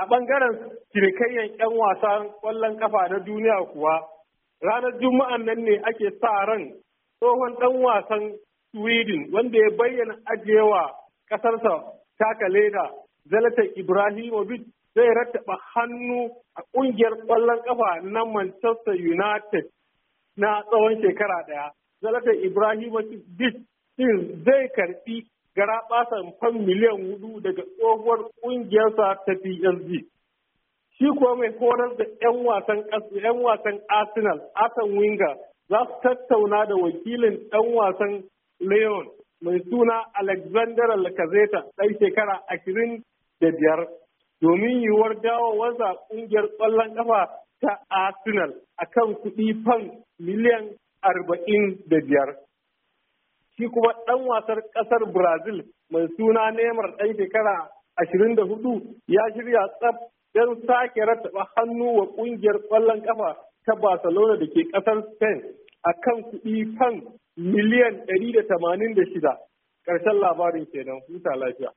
A ɓangaren cinikayyar 'yan wasan ƙwallon kafa na duniya kuwa, ranar Juma'an nan ne ake sa ran tsohon ɗan wasan Sweden wanda ya bayyana ajiyewa ƙasarsa taka leda zalatar Ibrahimovic zai rattaba hannu a ƙungiyar ƙwallon ƙafa na Manchester United na tsawon shekara ɗaya. zalatar Ibrahimovic zai karɓi gara basan fan miliyan hudu daga tsohuwar ƙungiyarsa ta PSG. Shi kuwa mai horar da 'yan wasan yan wasan Arsenal, Arsenal Wenger, za su tattauna da wakilin ɗan wasan Leon mai suna Alexander Lacazette ɗan shekara ashirin da biyar domin yiwuwar dawowarsa ƙungiyar ƙwallon ƙafa ta Arsenal a kan kuɗi fan miliyan arba'in da biyar. shi kuma ɗan wasar ƙasar Brazil mai suna Neymar ɗan shekara 24 ya shirya tsaf don sake rattaba hannu wa ƙungiyar ƙwallon ƙafa ta Barcelona da ke ƙasar Spain a kan kuɗi fan miliyan 186. Ƙarshen labarin kenan, huta lafiya.